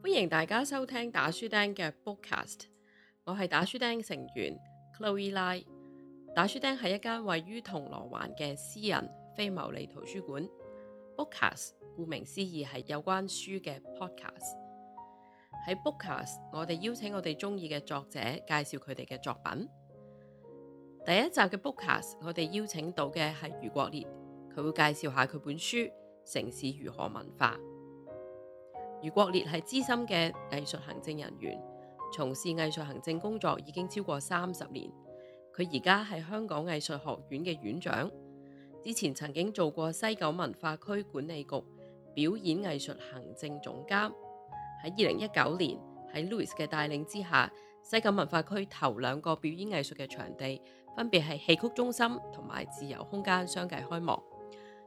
歡迎大家收聽打書釘嘅 bookcast，我係打書釘成員 Chloe Lai。打書釘係一間位於銅鑼灣嘅私人非牟利圖書館。bookcast 顧名思義係有關書嘅 podcast。喺 bookcast，我哋邀請我哋中意嘅作者介紹佢哋嘅作品。第一集嘅 bookcast，我哋邀請到嘅係茹國烈，佢會介紹下佢本書《城市如何文化》。茹國烈係資深嘅藝術行政人員，從事藝術行政工作已經超過三十年。佢而家係香港藝術學院嘅院長，之前曾經做過西九文化區管理局表演藝術行政總監。喺二零一九年，喺 Louis 嘅帶領之下，西九文化區頭兩個表演藝術嘅場地分別係戲曲中心同埋自由空間相繼開幕。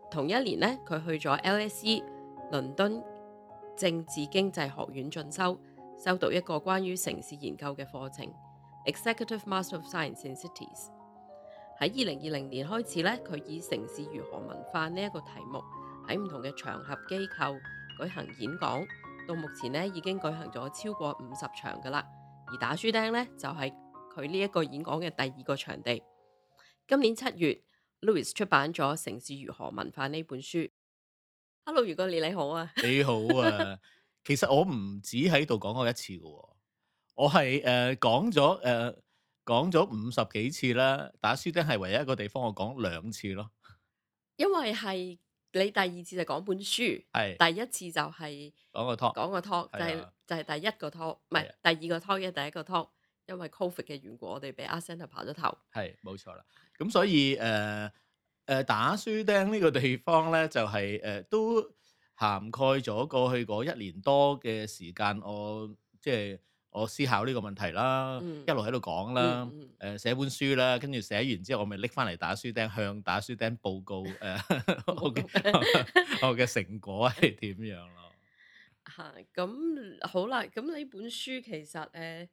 同一年呢，佢去咗 LSE 倫敦。政治經濟學院進修，收到一個關於城市研究嘅課程 （Executive Master of Science in Cities）。喺二零二零年開始咧，佢以城市如何文化呢一個題目喺唔同嘅場合機構舉行演講，到目前咧已經舉行咗超過五十場㗎喇。而打書釘咧就係佢呢一個演講嘅第二個場地。今年七月，Louis 出版咗《城市如何文化》呢本書。hello，茹哥你你好啊，你好啊，其實我唔止喺度講過一次嘅，我係誒講咗誒講咗五十幾次啦，打書釘係唯一一個地方我講兩次咯，因為係你第二次就講本書，係第一次就係講個 talk，講個 talk，就就係第一個 talk，唔係第二個 talk 嘅第一個 talk，因為 COVID 嘅緣故，我哋俾阿 Sam 爬咗頭，係冇錯啦，咁所以誒。誒打書釘呢個地方咧，就係誒都涵蓋咗過去嗰一年多嘅時間。我即係我思考呢個問題啦，一路喺度講啦，誒寫本書啦，跟住寫完之後我咪拎返嚟打書釘，向打書釘報告誒我嘅我嘅成果係點樣咯。嚇，咁好啦，咁呢本書其實誒，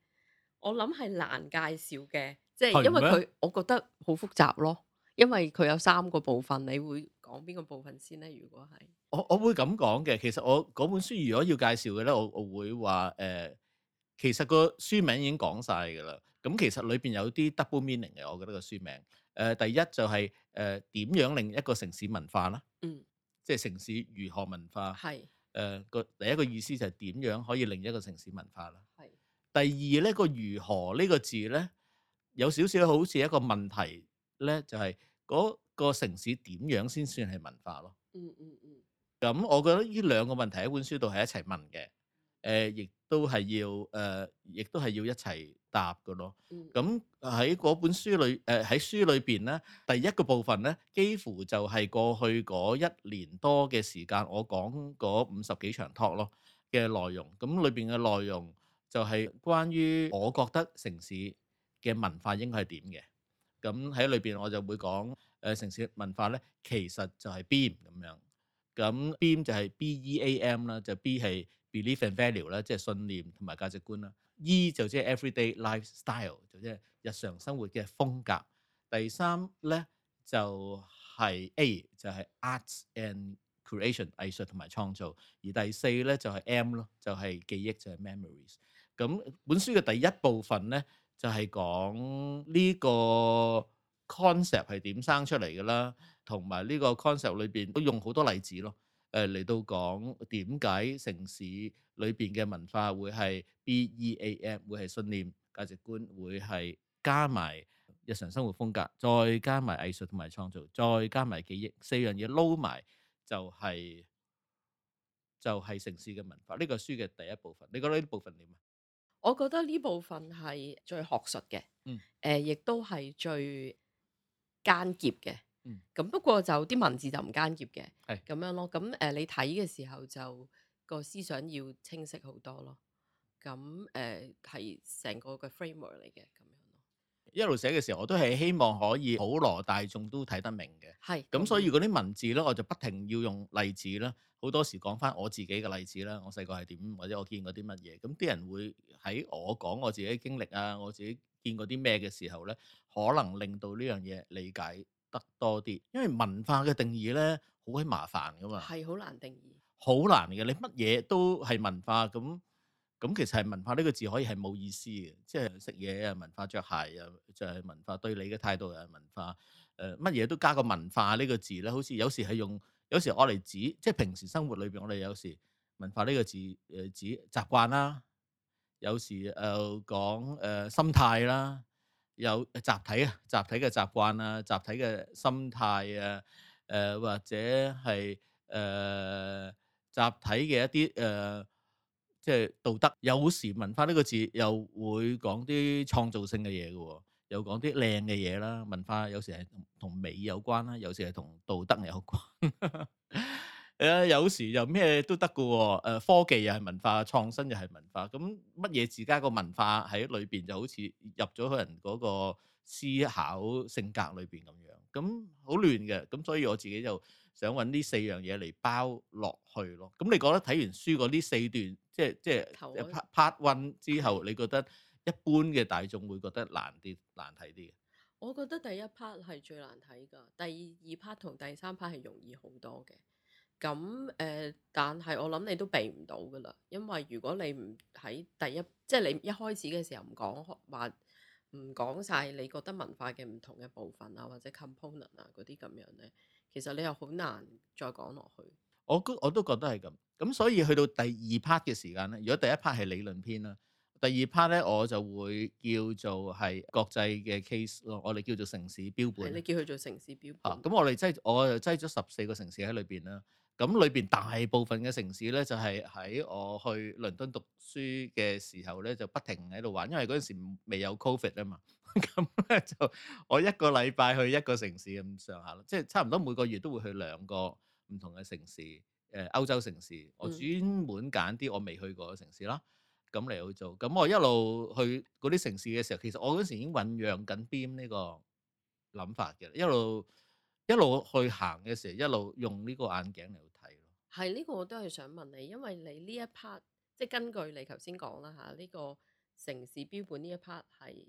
我諗係難介紹嘅，即係因為佢我覺得好複雜咯。因為佢有三個部分，你會講邊個部分先咧？如果係我，我會咁講嘅。其實我嗰本書如果要介紹嘅咧，我我會話誒，其實個書名已經講晒噶啦。咁其實裏邊有啲 double meaning 嘅，我覺得個書名誒，第一就係誒點樣令一個城市文化啦，嗯，即係城市如何文化係誒個第一個意思就係點樣可以令一個城市文化啦。係第二咧個如何呢個字咧，有少少好似一個問題咧，就係。嗰個城市點樣先算係文化咯？嗯咁、嗯、我覺得呢兩個問題喺本書度係一齊問嘅，誒、呃，亦都係要誒，亦、呃、都係要一齊答嘅咯。咁喺、嗯、本書裏，誒、呃、喺書裏邊咧，第一個部分咧，幾乎就係過去嗰一年多嘅時間，我講嗰五十幾場 talk 咯嘅內容。咁裏邊嘅內容就係關於我覺得城市嘅文化應該係點嘅。咁喺裏邊我就會講，誒城市文化咧其實就係 Beam 咁樣，咁 Beam 就係 B E A M 啦，就 B 係 belief and value 啦，即係信念同埋價值觀啦，E 就即係 everyday lifestyle 就即係日常生活嘅風格。第三咧就係 A 就係 arts and creation 藝術同埋創造，而第四咧就係 M 咯，就係記憶就係 memories。咁本書嘅第一部分咧。就係講呢個 concept 係點生出嚟嘅啦，同埋呢個 concept 裏邊都用好多例子咯。誒、呃、嚟到講點解城市裏邊嘅文化會係 B E A M，會係信念價值觀，會係加埋日常生活風格，再加埋藝術同埋創造，再加埋記憶，四樣嘢撈埋就係就係城市嘅文化。呢個書嘅第一部分，你覺得呢部分點啊？我覺得呢部分係最學術嘅，誒、嗯呃，亦都係最艱澀嘅，咁、嗯、不過就啲文字就唔艱澀嘅，咁是的 樣咯。咁、呃、誒，你睇嘅時候就個思想要清晰好多咯。咁誒係成個嘅 framework 嚟嘅。一路寫嘅時候，我都係希望可以普羅大眾都睇得明嘅。係，咁所以嗰啲文字咧，我就不停要用例子啦。好多時講翻我自己嘅例子啦，我細個係點，或者我見過啲乜嘢。咁啲人會喺我講我自己經歷啊，我自己見過啲咩嘅時候咧，可能令到呢樣嘢理解得多啲。因為文化嘅定義咧，好鬼麻煩噶嘛。係好難定義。好難嘅，你乜嘢都係文化咁。咁其實係文化呢個字可以係冇意思嘅，即係食嘢啊，文化着鞋啊，就係文化，對你嘅態度又係文化，誒乜嘢都加個文化呢個字咧，好似有時係用，有時我哋指，即係平時生活裏邊我哋有時文化呢個字誒、呃、指習慣啦，有時又講誒心態啦，有集體啊，集體嘅習慣啊，集體嘅心態啊誒、呃、或者係誒、呃、集體嘅一啲誒。呃即係道德，有時文化呢個字又會講啲創造性嘅嘢嘅，又講啲靚嘅嘢啦。文化有時係同美有關啦，有時係同道德有關。誒， 有時又咩都得嘅喎。誒，科技又係文化，創新又係文化，咁乜嘢自家個文化喺裏邊就好似入咗人嗰個思考性格裏邊咁樣，咁好亂嘅。咁所以我自己就～想揾呢四樣嘢嚟包落去咯。咁、嗯、你覺得睇完書嗰呢四段，即係即係 part one 之後，你覺得一般嘅大眾會覺得難啲、難睇啲嘅？我覺得第一 part 係最難睇噶，第二 part 同第三 part 係容易好多嘅。咁誒、呃，但係我諗你都避唔到噶啦，因為如果你唔喺第一，即、就、係、是、你一開始嘅時候唔講話，唔講晒你覺得文化嘅唔同嘅部分啊，或者 component 啊嗰啲咁樣咧。其實你又好難再講落去。我都我都覺得係咁，咁所以去到第二 part 嘅時間咧，如果第一 part 係理論篇啦，第二 part 咧我就會叫做係國際嘅 case 咯，我哋叫做城市標本。你叫佢做城市標本。嚇、哦！咁我哋擠，我就擠咗十四個城市喺裏邊啦。咁裏邊大部分嘅城市呢，就係喺我去倫敦讀書嘅時候呢，就不停喺度玩，因為嗰陣時未有 COVID 啊嘛。咁呢，就我一個禮拜去一個城市咁上下咯，即係差唔多每個月都會去兩個唔同嘅城市，誒歐洲城市。我專門揀啲我未去過嘅城市啦，咁嚟去做。咁我一路去嗰啲城市嘅時候，其實我嗰時已經醖釀緊 BEAMS 呢個諗法嘅，一路一路去行嘅時候，一路用呢個眼鏡嚟。係呢、這個我都係想問你，因為你呢一 part 即係根據你頭先講啦吓，呢、這個城市標本呢一 part 係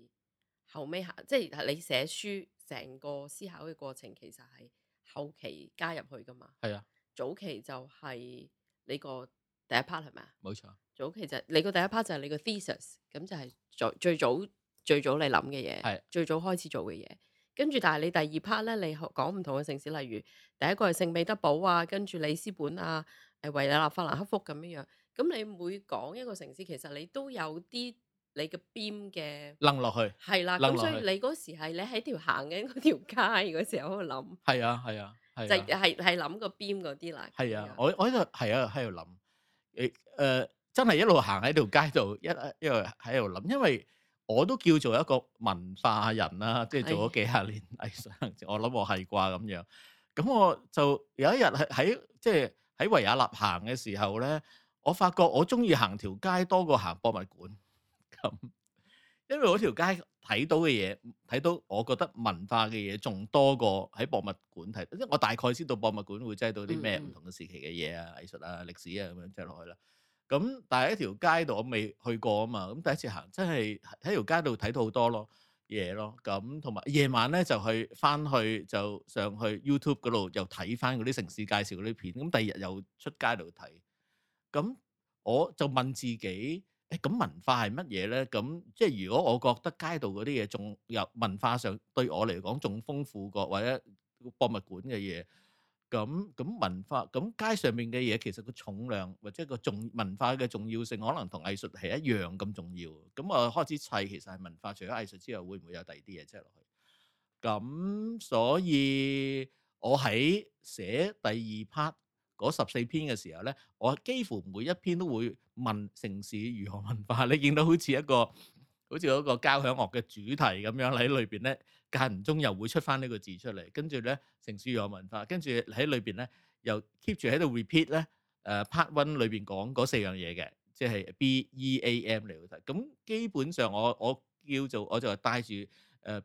後尾即係你寫書成個思考嘅過程，其實係後期加入去噶嘛。係啊的，早期就係你個第一 part 係咪啊？冇錯，早期就係、你個第一 part 就係你個 thesis，咁就係最最早最早你諗嘅嘢，係的最早開始做嘅嘢。跟住，但係你第二 part 咧，你講唔同嘅城市，例如第一個係聖彼得堡啊，跟住里斯本啊，誒，維也納、法蘭克福咁樣樣。咁你每講一個城市，其實你都有啲你嘅 BEAMS 嘅掕落去。係啦，咁所以你嗰時係你喺條行緊嗰條街嗰時候喺度諗。係啊，係啊，就係係諗個 BEAMS 嗰啲啦。係啊，我我喺度係啊喺度諗，誒誒，真係一路行喺條街度一一路喺度諗，因為。我都叫做一個文化人啦，即係做咗幾十年藝術，唉我諗我係啩咁樣。咁我就有一日係喺即係喺維也納行嘅時候咧，我發覺我中意行條街多過行博物館咁，因為我條街睇到嘅嘢，睇到我覺得文化嘅嘢仲多過喺博物館睇，即係、嗯、我大概知道博物館會即係到啲咩唔同嘅時期嘅嘢啊、藝術啊、歷史啊咁樣即係落去啦。咁但係喺條街度我未去過啊嘛，咁第一次行真係喺條街度睇到好多咯嘢咯，咁同埋夜晚咧就去翻去就上去 YouTube 嗰度又睇翻嗰啲城市介紹嗰啲片，咁第二日又出街度睇，咁、嗯、我就問自己，誒咁、嗯、文化係乜嘢咧？咁、嗯、即係如果我覺得街度嗰啲嘢仲有文化上對我嚟講仲豐富過或者博物館嘅嘢。咁咁文化咁街上面嘅嘢，其實個重量或者個重文化嘅重要性，可能同藝術係一樣咁重要。咁我開始砌，其實係文化，除咗藝術之外，會唔會有第二啲嘢即係落去？咁所以我喺寫第二 part 嗰十四篇嘅時候咧，我幾乎每一篇都會問城市如何文化。你見到好似一個好似一個交響樂嘅主題咁樣喺裏邊咧。間唔中又會出翻呢個字出嚟，跟住咧城市有文化，跟住喺裏邊咧又 keep 住喺度 repeat 咧，誒 part one 裏邊講嗰四樣嘢嘅，即係 B E A M 嚟嘅。咁基本上我我叫做我就戴住誒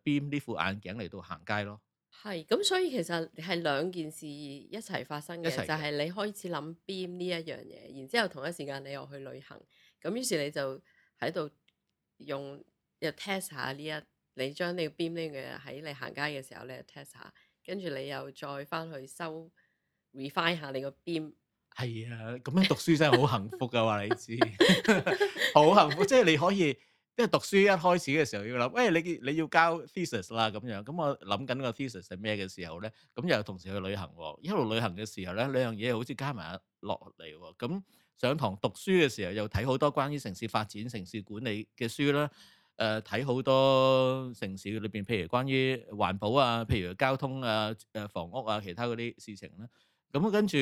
beam 呢副眼鏡嚟到行街咯。係，咁所以其實係兩件事一齊發生嘅，就係你開始諗 beam 呢一樣嘢，然之後同一時間你又去旅行，咁於是你就喺度用又 test 下呢一。你將你個 BEAMS 嘅喺你行街嘅時候咧 test 下，跟住你又再翻去修 refine 下你個 BEAMS 係啊，咁樣讀書真係好幸福噶、啊、喎， 你知，好 幸福。 即係你可以，因為讀書一開始嘅時候要諗，喂，你你要交 thesis 啦咁樣。咁我諗緊個 thesis 係咩嘅時候咧？咁又同時去旅行、啊，一路旅行嘅時候咧，兩樣嘢好似加埋落嚟喎。咁上堂讀書嘅時候又睇好多關於城市發展、城市管理嘅書啦、啊。誒睇好多城市裏邊，譬如關於環保啊，譬如交通啊、誒房屋啊，其他嗰啲事情啦、啊。咁、嗯、跟住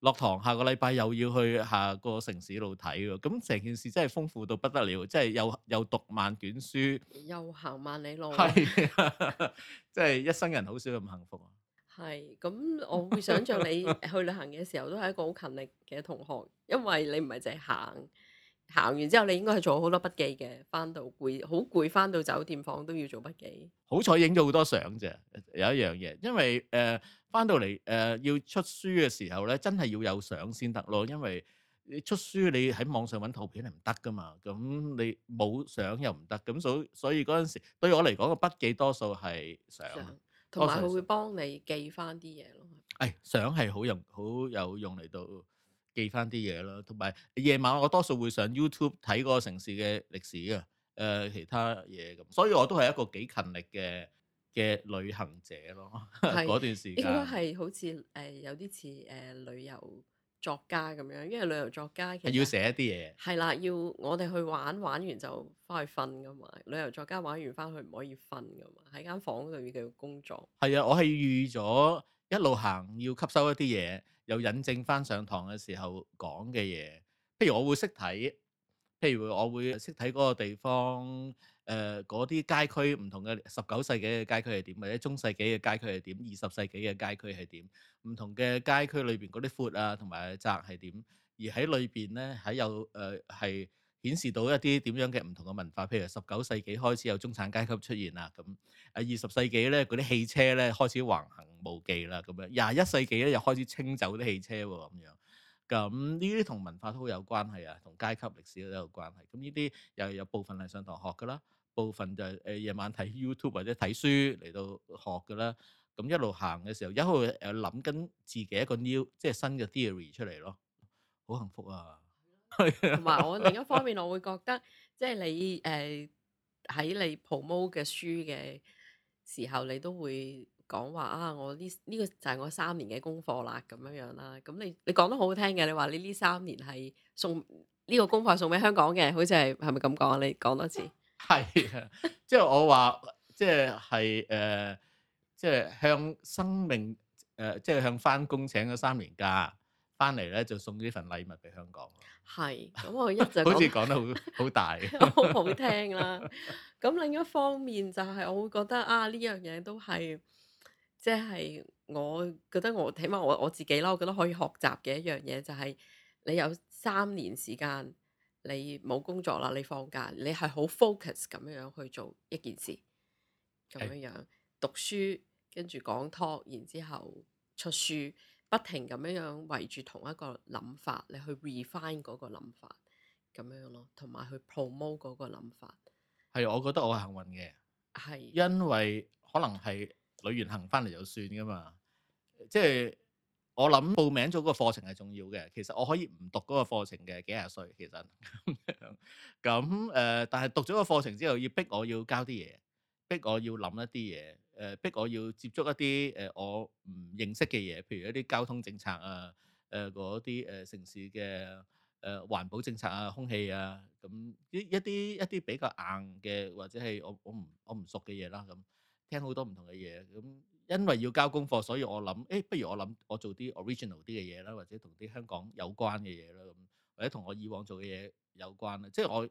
落堂，下個禮拜又要去下個城市度睇喎。咁、嗯、成件事真係豐富到不得了，即係又又讀萬卷書，又行萬里路、啊，係即係一生人好少咁幸福啊！係咁，我會想像你去旅行嘅時候都係一個好勤力嘅同學， 因為你唔係淨係行。行完之後，你應該係做好多筆記嘅，翻到攰好攰，翻到酒店房都要做筆記。好彩影咗好多相啫，有一樣嘢，因為誒翻、呃、到嚟誒、呃、要出書嘅時候咧，真係要有相先得咯，因為你出書你喺網上揾圖片係唔得噶嘛，咁你冇相又唔得，咁所所以嗰陣時對我嚟講個筆記多數係相，同埋佢會幫你記翻啲嘢咯。誒、哎，相係好用好有用嚟到。記翻啲嘢咯，同埋夜晚我多數會上 YouTube 睇嗰個城市嘅歷史啊，誒、呃、其他嘢咁，所以我都係一個幾勤力嘅嘅旅行者咯。嗰是 段時間應該係好似誒、呃、有啲似誒旅遊作家咁樣，因為旅遊作家其實要寫一啲嘢。係啦，要我哋去玩，玩完就翻去瞓噶嘛。旅遊作家玩完翻去唔可以瞓噶嘛，喺間房度要工作。係啊，我係預咗一路行要吸收一啲嘢。有引證翻上堂嘅時候講嘅嘢，譬如我會識睇，譬如我會識睇嗰個地方，誒嗰啲街區唔同嘅十九世紀嘅街區係點，或者中世紀嘅街區係點，二十世紀嘅街區係點，唔同嘅街區裏邊嗰啲闊啊同埋窄係點，而喺裏邊咧喺有誒係。呃顯示到一啲點樣嘅唔同嘅文化，譬如十九世紀開始有中產階級出現啦，咁誒二十世紀咧嗰啲汽車咧開始橫行無忌啦，咁樣廿一世紀咧又開始清走啲汽車喎，咁樣咁呢啲同文化都好有關係啊，同階級歷史都有關係。咁呢啲又有部分係上堂學㗎啦，部分就係誒、呃、夜晚睇 YouTube 或者睇書嚟到學㗎啦。咁一路行嘅時候一路誒諗緊自己一個 new 即係新嘅 theory 出嚟咯，好幸福啊！同埋 我另一方面，我會覺得即係你誒喺、呃、你 promote 嘅書嘅時候，你都會講話啊！我呢呢、這個就係我三年嘅功課啦，咁樣樣啦。咁你你講得好好聽嘅，你話你呢三年係送呢、這個功課送俾香港嘅，好似係係咪咁講啊？你講多次係啊，即係我話即係係誒，即係、呃、向生命誒、呃，即係向返工請咗三年假，返嚟咧就送呢份禮物俾香港。係，咁我一就 好似講得好好大，好好 聽啦。咁另一方面就係，我會覺得啊，呢樣嘢都係，即係我覺得我起碼我我自己啦，我覺得可以學習嘅一樣嘢就係，你有三年時間，你冇工作啦，你放假，你係好 focus 咁樣去做一件事，咁樣樣是的 讀書，跟住講 talk，然之後出書。不停咁樣樣圍住同一個諗法，你去 refine 嗰個諗法，咁樣咯，同埋去 promote 嗰個諗法。係，我覺得我係幸運嘅，係是，因為可能係旅完行翻嚟就算噶嘛。即係我諗報名做嗰個課程係重要嘅，其實我可以唔讀嗰個課程嘅，幾廿歲其實咁樣。咁誒，但係讀咗個課程之後，要逼我要交啲嘢，逼我要諗一啲嘢。誒逼我要接觸一啲誒我唔認識嘅嘢，譬如一啲交通政策啊，誒嗰啲誒城市嘅誒環保政策啊、空氣啊，咁、嗯、一一啲一啲比較硬嘅或者係我我唔我唔熟嘅嘢啦，咁，聽好多唔同嘅嘢，咁、嗯、因為要交功課，所以我諗誒、欸，不如我諗我做啲 original 啲嘅嘢啦，或者同啲香港有關嘅嘢啦，咁或者同我以往做嘅嘢有關啦，即係我。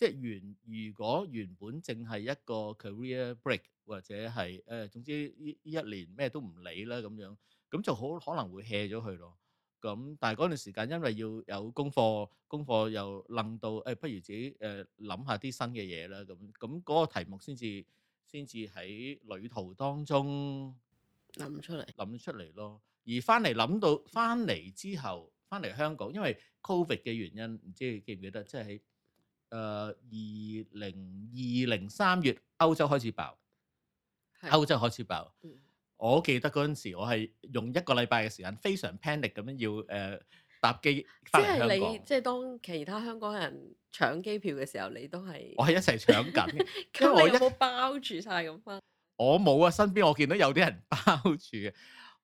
即係原如果原本淨係一個 career break 或者係誒，總之依依一年咩都唔理啦咁樣，咁就好可能會卸咗佢咯。咁但係嗰段時間因為要有功課，功課又冧到誒、哎，不如自己誒諗下啲新嘅嘢啦。咁咁嗰個題目先至先至喺旅途當中諗出嚟，諗出嚟咯。而翻嚟諗到翻嚟之後，翻嚟香港，因為 covid 嘅原因，唔知你記唔記得，即係。誒二零二零三月歐洲開始爆，歐洲開始爆。我記得嗰陣時，我係用一個禮拜嘅時間，非常 panic 咁樣要誒、呃、搭機翻香港。即係你，即係當其他香港人搶機票嘅時候，你都係我係一齊搶緊。咁 你有冇包住晒咁翻？我冇啊，身邊我見到有啲人包住嘅。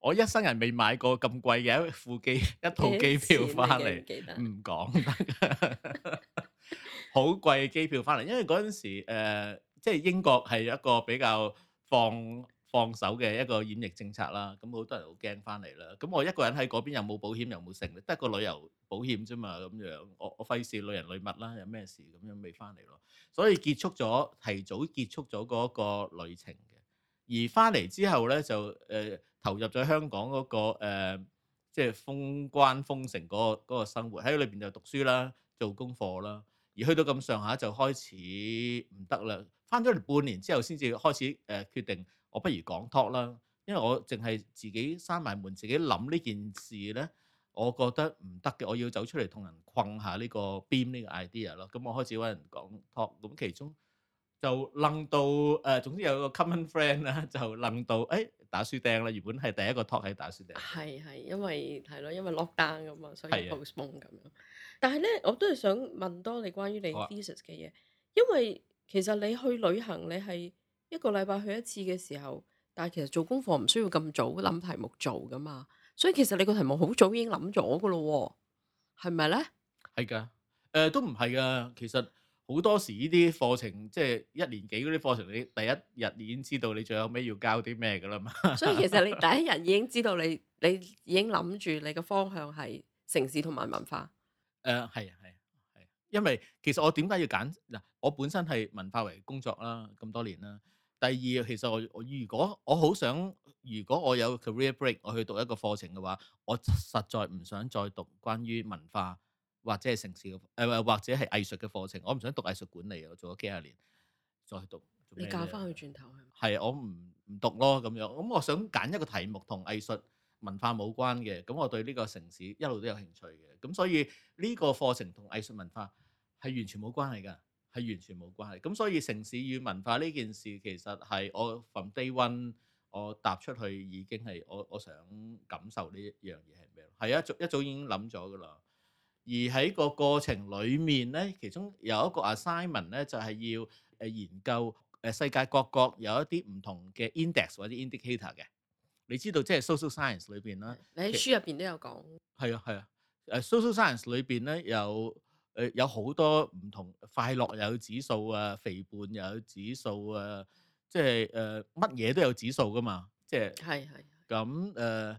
我一生人未買過咁貴嘅一副機一套機票翻嚟，唔講得。 好貴嘅機票翻嚟，因為嗰陣時、呃、即係英國係一個比較放放手嘅一個演疫政策啦。咁好多人好驚翻嚟啦。咁我一個人喺嗰邊又冇保險，又冇剩，得個旅遊保險啫嘛。咁樣我我費事累人累物啦。有咩事咁樣未翻嚟咯？所以結束咗，提早結束咗嗰個旅程嘅。而翻嚟之後咧，就誒、呃、投入咗香港嗰個，即係呃，封關封城嗰個嗰個生活喺裏邊就讀書啦，做功課啦。而去到咁上下就開始唔得啦，翻咗嚟半年之後先至開始誒決定，我不如講 talk 啦，因為我淨係自己閂埋門，自己諗呢件事咧，我覺得唔得嘅，我要走出嚟同人困下呢個 beam 呢個 idea 咯。咁我開始揾人講 talk，咁其中就諗到誒，總之有個 common friend 啦，就諗到誒打書釘啦。原本係第一個 talk 係打書釘，係，係因為係咯，因為 lockdown 啊嘛，所以 postpone 咁樣。但係咧，我都係想問多你關於你的 thesis 嘅嘢，啊、因為其實你去旅行，你係一個禮拜去一次嘅時候，但係其實做功課唔需要咁早諗題目做噶嘛，所以其實你個題目好早已經諗咗噶咯喎，係咪咧？係噶，誒、呃、都唔係噶，其實好多時呢啲課程即係、就是、一年幾嗰啲課程，你第一日已經知道你最後尾要交啲咩㗎啦嘛，所以其實你第一日已經知道你 你已經諗住你嘅方向係城市同埋文化。誒係啊係啊係啊，因為其實我點解要揀嗱？我本身係文化為工作啦，咁多年啦。第二其實我我如果我好想，如果我有 career break，我去讀一個課程嘅話，我實在唔想再讀關於文化或者係城市嘅誒，或者係藝術嘅課程。我唔想讀藝術管理啊，我做咗幾十年，再讀你教翻去轉頭係咪？係我唔唔讀咯咁樣，咁我想揀一個題目同藝術文化冇關嘅，咁我對呢個城市一路都有興趣嘅，咁所以呢個課程同藝術文化係完全冇關係㗎，係完全冇關係。咁所以城市與文化呢件事其實係我 from day one 我踏出去已經係我我想感受呢一樣嘢係咩？係一早一早已經諗咗㗎啦。而喺個過程裡面咧，其中有一個 assignment 咧就係要誒研究誒世界各國有一啲唔同嘅 index 或者 indicator 嘅。你知道即係 social science 裏邊啦，你喺書入邊都有講，係啊係啊。誒 social science 裏邊咧有誒有好多唔同快樂有指數啊，肥胖又有指數啊，即係誒乜嘢都有指數㗎嘛，即係係係。咁誒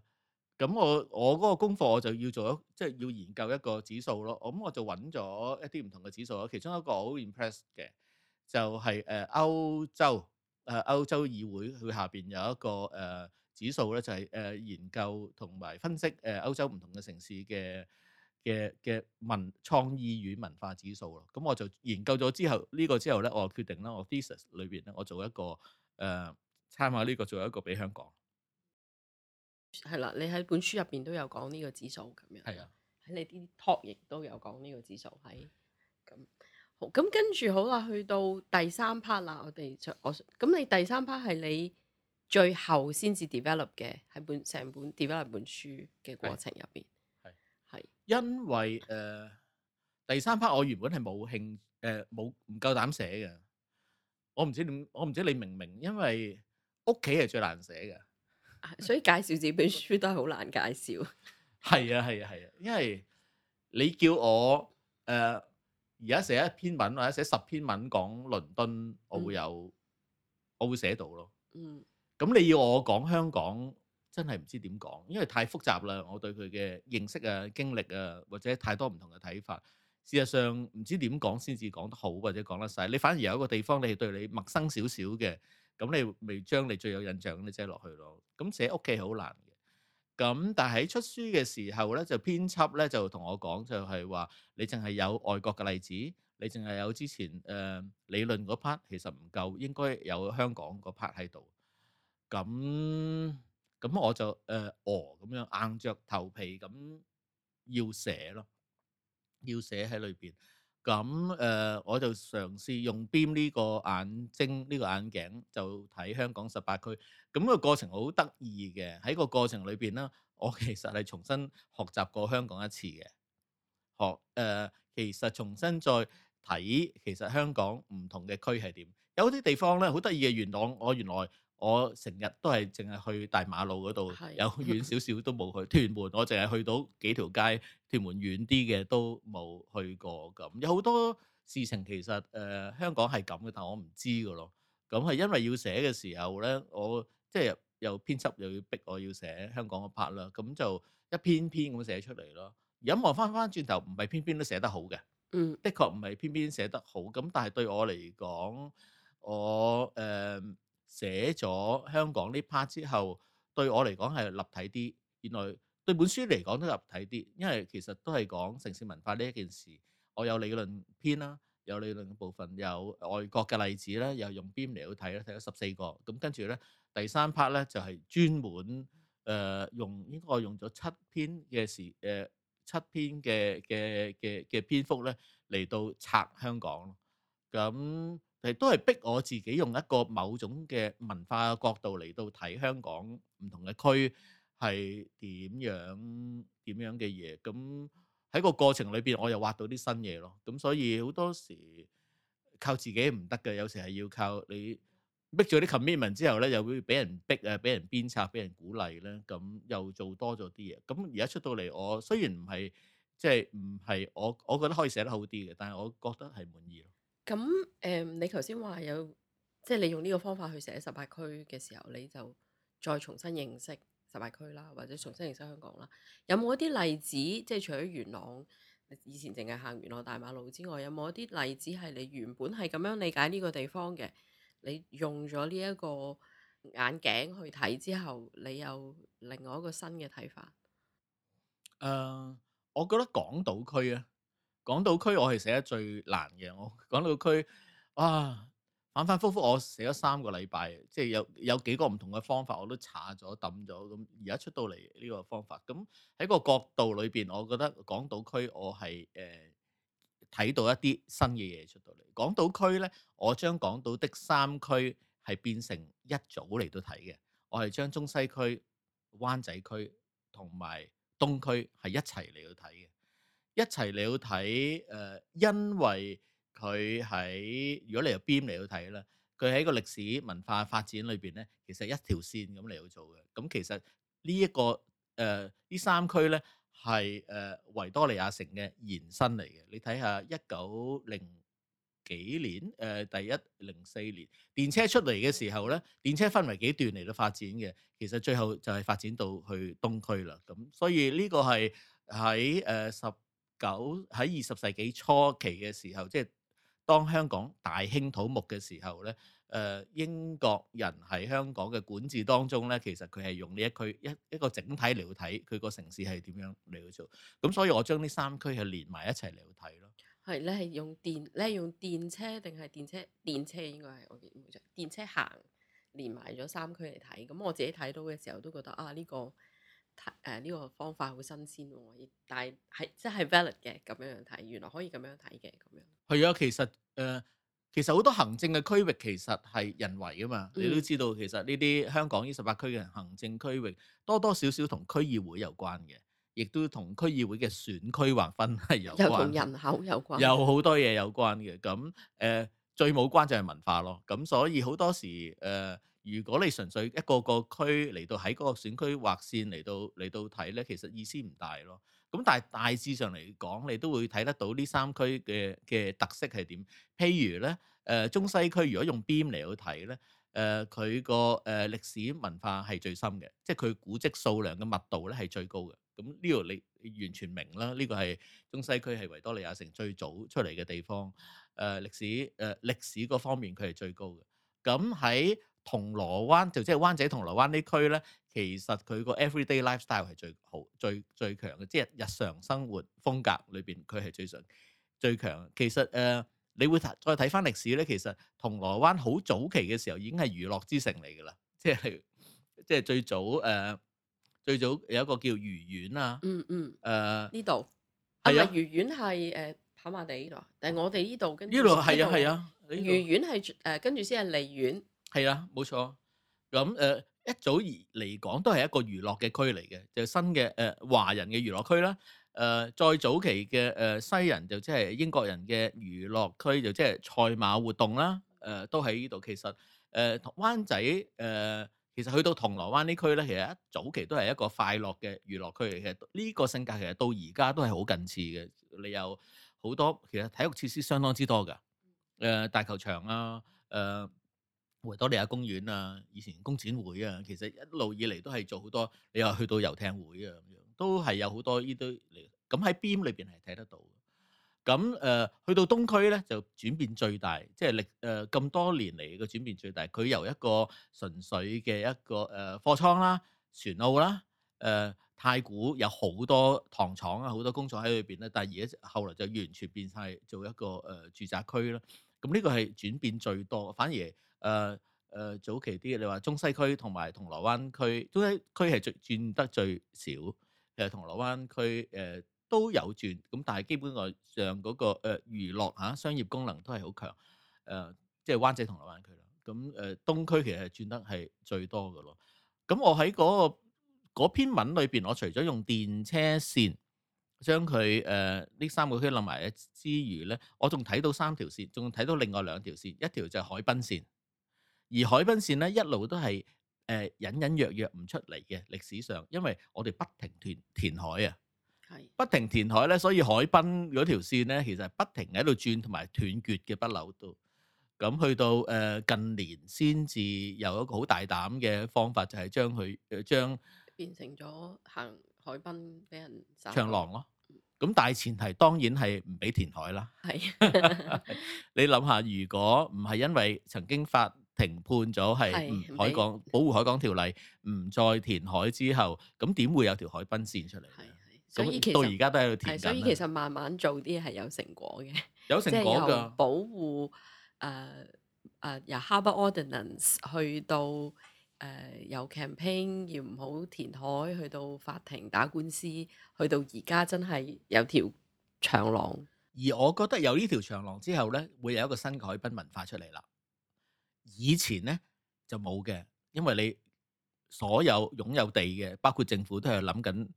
咁我我嗰個功課我就要做咗，即係要研究一個指數咯。我咁我就揾咗一啲唔同嘅指數咯，其中一個好 impress 嘅就係誒歐洲誒歐洲議會佢下邊有一個誒。指數咧就係、是、誒、呃、研究同埋分析誒、呃、歐洲唔同嘅城市嘅嘅嘅文創意與文化指數咯。咁、嗯、我就研究咗之，這個、之後呢個之後咧，我就決定啦，我 thesis 裏邊咧，我做一個誒、呃、參考呢、這個做一個俾香港。係啦，你喺本書入邊都有講呢個指數咁樣。係啊的，喺你啲 talk 亦都有講呢個指數係咁好。咁跟住好啦，去到第三 part 啦，我哋就我咁你第三 part 係你。最後先至 develop 嘅喺本成本 develop 本書嘅過程入邊，係因為誒第三 part 我原本係冇興誒冇唔夠膽寫嘅，我唔知點，我唔知你明唔明？因為屋企係最難寫嘅，所以介紹自己本書都係好難介紹。係啊，係啊，係啊，因為你叫我誒而家寫一篇文或者寫十篇文講倫敦，我會有我會寫到咯，嗯。咁你要我講香港，真係唔知點講，因為太複雜啦。我對佢嘅認識啊、經歷啊，或者太多唔同嘅睇法。事實上唔知點講先至講得好，或者講得晒。你反而有一個地方你係對你陌生少少嘅，咁你未將你最有印象嘅寫落去咯。咁寫屋企好難嘅。咁但係喺出書嘅時候咧，就編輯咧就同我講，就係話你淨係有外國嘅例子，你淨係有之前誒理論嗰 part，其實唔夠，應該有香港嗰 part 喺度。咁咁我就誒，哦咁樣，樣硬着頭皮咁要寫咯，要寫喺裏邊。咁誒、呃，我就嘗試用 BEAMS 呢個眼睛，呢、呢個眼鏡就睇香港十八區。咁個過程好得意嘅，喺個過程裏邊咧，我其實係重新學習過香港一次嘅。學誒、呃，其實重新再睇，其實香港唔同嘅區係點？有啲地方咧，好得意嘅，元朗，我原來。我成日都係淨係去大馬路嗰度，的有遠少少都冇去 屯門。我淨係去到幾條街屯門遠啲嘅都冇去過。咁有好多事情其實誒、呃、香港係咁嘅，但我唔知㗎咯。咁係因為要寫嘅時候咧，我即係又編輯又要逼我要寫香港嘅 part 啦。咁就一篇篇咁寫出嚟咯。而一望返返轉頭，唔係篇篇都寫得好嘅，嗯、的確唔係篇篇寫得好。咁但係對我嚟講，我誒。呃寫咗香港呢 part 之後，對我嚟講係立體啲。原來對本書嚟講都立體啲，因為其實都係講城市文化呢一件事。我有理論篇啦，有理論嘅部分，有外國嘅例子啦，又用 BEAMS 嚟去睇啦，睇咗十四個。咁跟住咧，第三 part 咧就係專門誒用，應該我用咗七篇嘅時誒七篇嘅嘅嘅嘅篇幅咧嚟到拆香港。咁係都係逼我自己用一個某種嘅文化角度，嚟到睇香港唔同嘅區係點樣點樣嘅嘢，咁喺個過程裏邊我又挖到啲新嘢咯。咁所以好多時靠自己唔得嘅，有時係要靠你逼咗啲 commitment 之後咧，又會俾人逼啊，俾人鞭策，俾人鼓勵咧，咁又做多咗啲嘢。咁而家出到嚟，我雖然唔係，即係唔係我，我覺得可以寫得好啲嘅，但係我覺得係滿意咯。咁誒、嗯，你頭先話有，即係你用呢個方法去寫十八區嘅時候，你就再重新認識十八區啦，或者重新認識香港啦。有冇一啲例子？即係除咗元朗，以前淨係行元朗大馬路之外，有冇一啲例子係你原本係咁樣理解呢個地方嘅？你用咗呢一個眼鏡去睇之後，你有另外一個新嘅睇法？誒，uh，我覺得港島區啊。港島區我係寫得最難嘅，我港島區哇、啊、反反覆覆我寫咗三個禮拜，即係有有幾個唔同嘅方法我都查咗抌咗，咁而家出到嚟呢個方法，咁喺個角度裏邊，我覺得港島區我係誒睇到一啲新嘅嘢出到嚟。港島區咧，我將港島的三區係變成一組嚟到睇嘅，我係將中西區、灣仔區同埋東區係一齊嚟到睇嘅。一齊你要睇誒，因為佢喺如果你由邊嚟去睇咧，佢喺個歷史文化發展裏邊咧，其實一條線咁嚟去做嘅。咁其實呢一個誒呢三區咧係誒維多利亞城嘅延伸嚟嘅。你睇下一九零幾年誒第一零四年電車出嚟嘅時候咧，電車分為幾段嚟到發展嘅，其實最後就係發展到去東區啦。咁所以呢個係喺誒十九喺二十世紀初期嘅時候，即係當香港大興土木嘅時候咧，誒、呃、英國人喺香港嘅管治當中咧，其實佢係用呢一區一一個整體嚟去睇佢個城市係點樣嚟去做。咁所以我將呢三區係連埋一齊嚟睇咯。係，你係用電，你係用電車定係電車？電車應該係我記唔錯，電車行連埋咗三區嚟睇。咁我自己睇到嘅時候都覺得啊，呢、這個。睇呢、呃這個方法好新鮮喎，但係係即係 valid 嘅咁樣樣睇，原來可以咁樣睇嘅咁樣。係啊、嗯嗯呃，其實誒，其實好多行政嘅區域其實係人為㗎嘛，你都知道其實呢啲香港呢十八區嘅行政區域多多少少同區議會有關嘅，亦都同區議會嘅選區劃分係有關，又同人口有關，有好多嘢有關嘅。咁誒、嗯呃，最冇關就係文化咯。咁所以好多時誒。呃如果你純粹一個個區嚟到喺嗰個選區劃線嚟到嚟到睇咧，其實意思唔大咯。咁但係大致上嚟講，你都會睇得到呢三區嘅嘅特色係點。譬如咧，誒、呃、中西區如果用 BEAMS 嚟去睇咧，誒佢個誒歷史文化係最深嘅，即係佢古蹟數量嘅密度咧係最高嘅。咁呢度你完全明啦，呢、這個係中西區係維多利亞城最早出嚟嘅地方，誒、呃、歷史誒歷、呃、史方面佢係最高嘅。咁喺銅鑼灣就即係灣仔銅鑼灣呢區咧，其實佢個 everyday lifestyle 係最好、最最強嘅，即係日常生活風格裏邊佢係最想、最強。其實誒，你會再睇翻歷史咧，其實銅鑼灣好早期嘅時候已經係娛樂之城嚟㗎啦，即係即係最早誒，最早有一個叫愉園啊，嗯嗯，誒呢度係啊，愉園係誒跑馬地呢度，但係我哋呢度跟住呢度係啊係啊，愉園係誒跟住先係利園。係啦，冇、啊、錯。咁誒、呃、一早而嚟講，都係一個娛樂嘅區嚟嘅，就新嘅誒、呃、華人嘅娛樂區啦。誒、呃、再早期嘅誒、呃、西人就即係英國人嘅娛樂區，就即係賽馬活動啦。誒、呃、都喺呢度。其實誒、呃、灣仔誒、呃、其實去到銅鑼灣區呢區咧，其實一早期都係一個快樂嘅娛樂區嚟嘅。呢個性格其實到而家都係好近似嘅。你有好多其實體育設施相當之多㗎，誒、呃、大球場啊，誒、呃。維多利亞公園啊，以前工展會啊，其實一路以嚟都係做好多。你話去到遊艇會啊，咁樣都係有好多呢堆。咁喺 BEAMS 裏邊係睇得到。咁誒、呃，去到東區咧就轉變最大，即係歷誒咁、呃、多年嚟嘅轉變最大。佢由一個純粹嘅一個誒、呃、貨倉啦、船澳啦，誒太古有好多糖廠啊、好多工廠喺裏邊咧。但係而家後來就完全變晒做一個誒、呃、住宅區啦。咁呢個係轉變最多，反而。反而誒誒、呃、早期啲，你話中西區同埋銅鑼灣區，中西區係最轉得最少，其、呃、實銅鑼灣區、呃、都有轉，咁但係基本上、那個上嗰個誒娛樂、啊、商業功能都係好強，誒即係灣仔銅鑼灣區啦。咁、啊、誒、呃、東區其實係轉得係最多噶咯。咁、嗯、我喺嗰、那個篇文裏邊，我除咗用電車線將佢誒呢三個區諗埋嘅之餘咧，我仲睇到三條線，仲睇到另外兩條線，一條就係海濱線。而海濱線咧，一路都係誒隱隱約約唔出嚟嘅歷史上，因為我哋不停填填海啊，係不停填海咧，所以海濱嗰條線咧，其實係不停喺度轉同埋斷絕嘅，不老都咁去到誒近年先至有一個好大膽嘅方法，就係將佢誒將變成咗行海濱俾人長廊咯。咁大前提當然係唔俾填海啦。係，你諗下，如果唔係因為曾經發評判咗係是、嗯、海港保護海港條例唔的再填海之後，咁點會有條海濱線出嚟？咁的到而家都喺度填緊的。係、嗯，所以其實慢慢做啲係有成果嘅，有成果嘅。保護誒誒、uh, 由、uh, Harbour Ordinance 去到誒由、uh, campaign 要唔好填海，去到法庭打官司，去到而家真係有條長廊。而我覺得有呢條長廊之後咧，會有一個新海濱文化出嚟啦。以前咧就冇嘅，因為你所有擁有地嘅，包括政府都係諗緊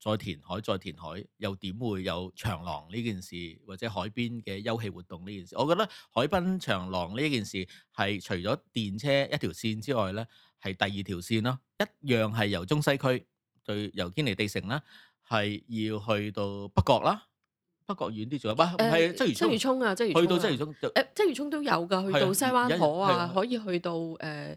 再填海，再填海，又點會有長廊呢件事，或者海邊嘅休憩活動呢件事？我覺得海濱長廊呢件事係除咗電車一條線之外咧，係第二條線咯，一樣係由中西區對由堅尼地城啦，係要去到北角啦。北角遠啲仲有，唔係？即係鰂魚湧啊！即係去到鰂魚湧，誒鰂魚湧都有㗎。去到西灣河啊，可以去到誒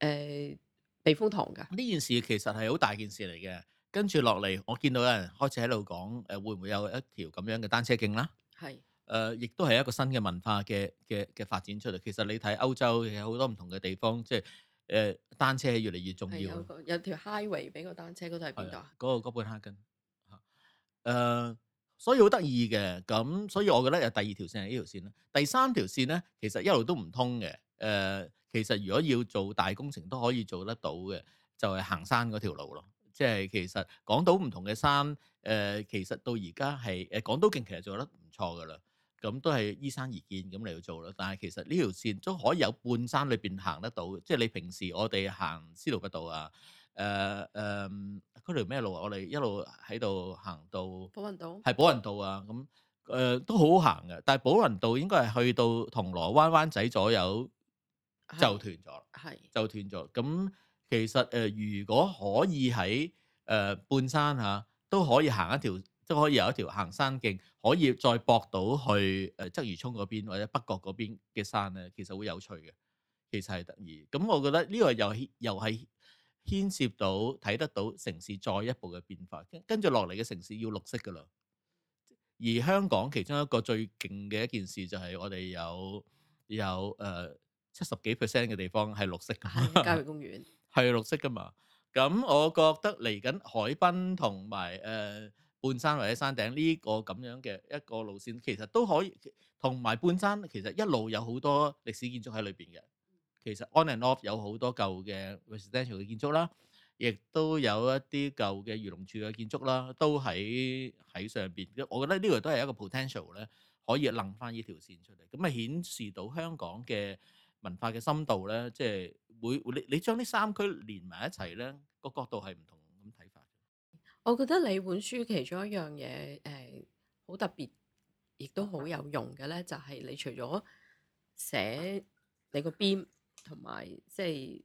誒避風塘㗎。呢件事其實係好大件事嚟嘅。跟住落嚟，我見到有人開始喺度講誒，會唔會有一條咁樣嘅單車徑啦？係誒，亦都係一個新嘅文化嘅嘅嘅發展出嚟。其實你睇歐洲有好多唔同嘅地方，即係誒單車越嚟越重要。有條 highway 俾個單車，嗰度係邊度啊？嗰個哥本哈根，誒。所以好得意嘅，咁所以我覺得有第二條線係呢條線啦。第三條線咧，其實一路都唔通嘅。誒、呃，其實如果要做大工程都可以做得到嘅，就係、是、行山嗰條路咯。即係其實港島唔同嘅山，誒、呃，其實到而家係誒，港島徑其實做得唔錯噶啦。咁都係依山而建咁嚟去做咯。但係其實呢條線都可以有半山裏邊行得到，即係你平時我哋行思路唔到啊。誒誒，嗰條咩路啊？我哋一路喺度行到寶雲道，係寶雲道啊。咁誒都好好行嘅，但係寶雲道應該係去到銅鑼灣灣仔左右就斷咗，係就斷咗。咁其實誒，如果可以喺誒半山吓都可以行一條，即係可以有一條行山徑，可以再駁到去誒鰂魚涌嗰邊或者北角嗰邊嘅山咧，其實會有趣嘅，其實係得意。咁我覺得呢個又又係。牽涉到睇得到城市再一步嘅變化，跟跟住落嚟嘅城市要綠色㗎啦。而香港其中一個最勁嘅一件事，就係我哋有有誒七十幾 percent 嘅地方係綠色㗎，郊野公園係綠色㗎嘛。咁我覺得嚟緊海濱同埋誒半山或者山頂呢個咁樣嘅一個路線，其實都可以。同埋半山其實一路有好多歷史建築喺裏邊嘅。其實 on and off 有好多舊嘅 residential 嘅建築啦，亦都有一啲舊嘅漁農處嘅建築啦，都喺喺上邊。我覺得呢個都係一個 potential 咧，可以掄翻呢條線出嚟，咁啊顯示到香港嘅文化嘅深度咧，即係會你你將呢三區連埋一齊咧，個角度係唔同咁睇法。我覺得你本書其中一樣嘢誒，好特別，亦都好有用嘅咧，就係你除咗寫你個邊。同埋即係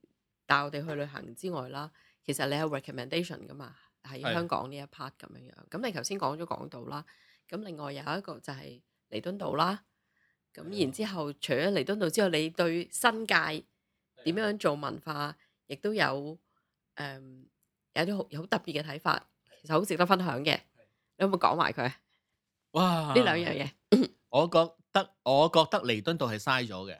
帶我哋去旅行之外啦，其實你有 recommendation 噶嘛？喺香港呢一 part 咁樣樣。咁的你頭先講咗港島啦，咁另外有一個就係彌敦道啦。咁然之後除咗彌敦道之外，你對新界點樣做文化，亦的都有誒、呃、有啲好特別嘅睇法，其實好值得分享嘅。你有冇講埋佢？哇！呢兩樣嘢， 我覺得我覺得彌敦道係嘥咗嘅。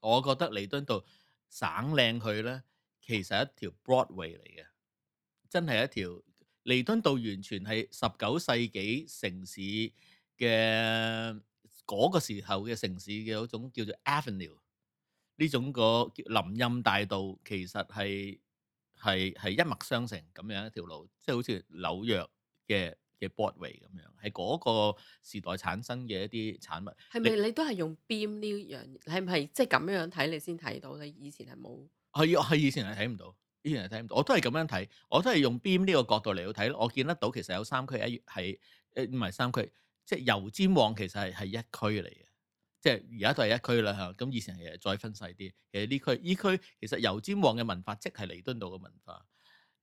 我覺得彌敦道省靚佢咧，其實係一條 Broadway 嚟嘅。真係一條彌敦道完全係十九世紀城市嘅嗰個時候嘅城市嘅一種叫做 Avenue 呢種個叫林蔭大道，其實係係係一脈相承咁樣一條路，即係好似紐約嘅。嘅 Broadway 咁樣係嗰個時代產生嘅一啲產物，係咪你都係用 beam，呢樣係咪即係咁樣睇？你先睇到，你以前係冇，係係以前係睇唔到，以前係睇唔到。我都係咁樣睇，我都係用 beam 呢個角度嚟到睇，我見得到其實有三區係，係誒唔係三區，即係油尖旺其實係係一區嚟嘅，即係而家都係一區啦嚇。咁以前其實再分細啲，其實呢區呢區其實油尖旺嘅文化即係彌敦道嘅文化，誒、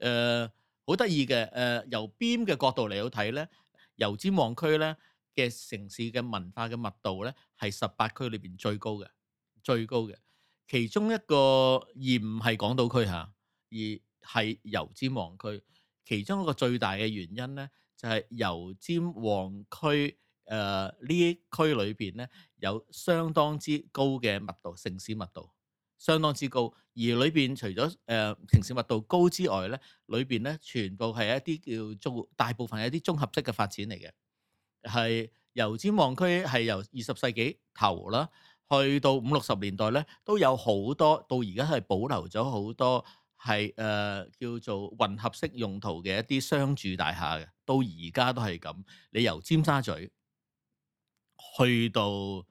呃。好得意嘅，誒、呃、由 BEAM 嘅角度嚟到睇咧，油尖旺區咧嘅城市嘅文化嘅密度咧，係十八區裏邊最高嘅，最高嘅。其中一個而唔係港島區嚇，而係油尖旺區。其中一個最大嘅原因咧，就係油尖旺區誒呢、呃、區裏邊咧有相當之高嘅密度，城市密度。相當之高，而裏邊除咗誒城市密度高之外咧，裏邊咧全部係一啲叫做大部分係一啲綜合式嘅發展嚟嘅，係由尖旺區係由二十世紀頭啦，去到五六十年代咧，都有好多到而家係保留咗好多係誒、呃、叫做混合式用途嘅一啲商住大廈嘅，到而家都係咁。你由尖沙咀去到。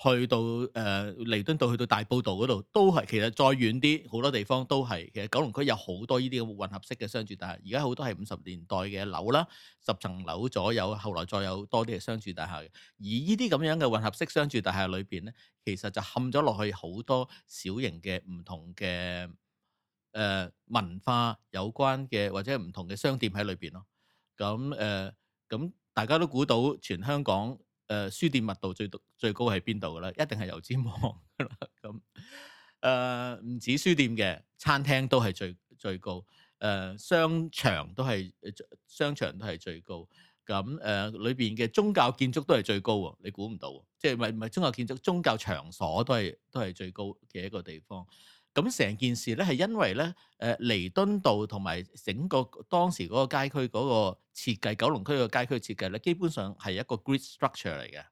去到誒、呃、彌敦道，去到大埔道嗰度都係，其實再遠啲好多地方都係。其實九龍區有好多呢啲咁混合式嘅商住大廈，而家好多係五十年代嘅樓啦，十層樓左右，後來再有多啲嘅商住大廈嘅。而呢啲咁樣嘅混合式商住大廈裏邊咧，其實就冚咗落去好多小型嘅唔同嘅誒、呃、文化有關嘅或者唔同嘅商店喺裏邊咯。咁誒咁大家都估到全香港。誒、呃、書店密度最，最高係邊度嘅咧？一定係油尖旺啦。咁誒唔止書店嘅，餐廳都係最最高，誒、呃、商場都係商場，都係最高。咁誒裏邊嘅宗教建築都係最高啊！你估唔到，即係唔係唔係宗教建築？宗教場所都係都係最高嘅一個地方。咁成件事咧，係因為咧，誒，彌敦道同埋整個當時嗰個街區嗰個設計，九龍區嘅街區設計咧，基本上係一個 grid structure 嚟嘅，